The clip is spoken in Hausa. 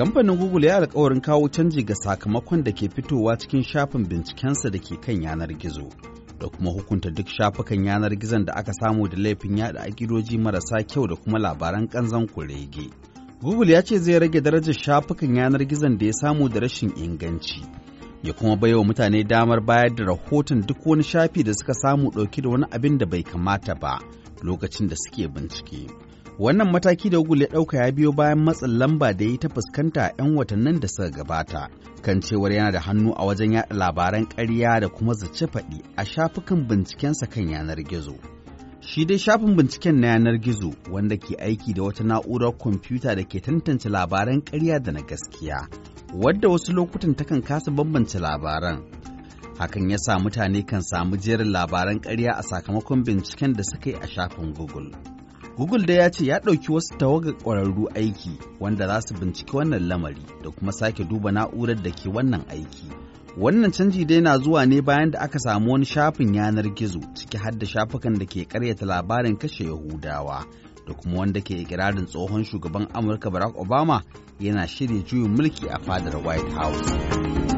Kamfanin Google ya alkawarin kawo canji ga sakamakon da ke fitowa cikin shafin bincikensa da ke kan yanar gizo, da kuma hukunta duk shafukan yanar gizon da aka samu da laifin yada akidoji marasa kyau da kuma labaran kanzan kurege. Google ya ce zai rage darajar shafukan yanar gizon da ya samu da rashin inganci, ya kuma bai wa mutane damar bayar da rahoton duk wani shafi da suka samu ɗauke da wani abin da bai kamata ba, lokacin da suke bincike. Wannan mataki da Google ya ɗauka ya biyo bayan matsin lamba da ya yi ta fuskanta 'yan watannin da suka gabata, kan cewar yana da hannu a wajen yaɗa labaran ƙarya da kuma zace faɗi a shafukan bincikensa kan yanar gizo. Shi dai shafin binciken na yanar gizo wanda ke aiki da wata na'urar kwamfuta da ke tantance labaran ƙarya da na gaskiya, wadda wasu lokutan takan kasa bambance labaran. Hakan ya sa mutane kan samu jerin labaran karya a sakamakon binciken da suka yi a shafin Google. Google da ya ce ya ɗauki wasu tawaga ƙwararru aiki wanda za su binciki wannan lamari da kuma sake duba na'urar da ke wannan aiki. Wannan canji dai na zuwa ne bayan da aka samu wani shafin yanar gizo ciki har da shafukan da ke karyata labarin kashe Yahudawa da kuma wanda ke ikirarin tsohon shugaban Amurka Barack Obama yana shirya juyin mulki a fadar White House.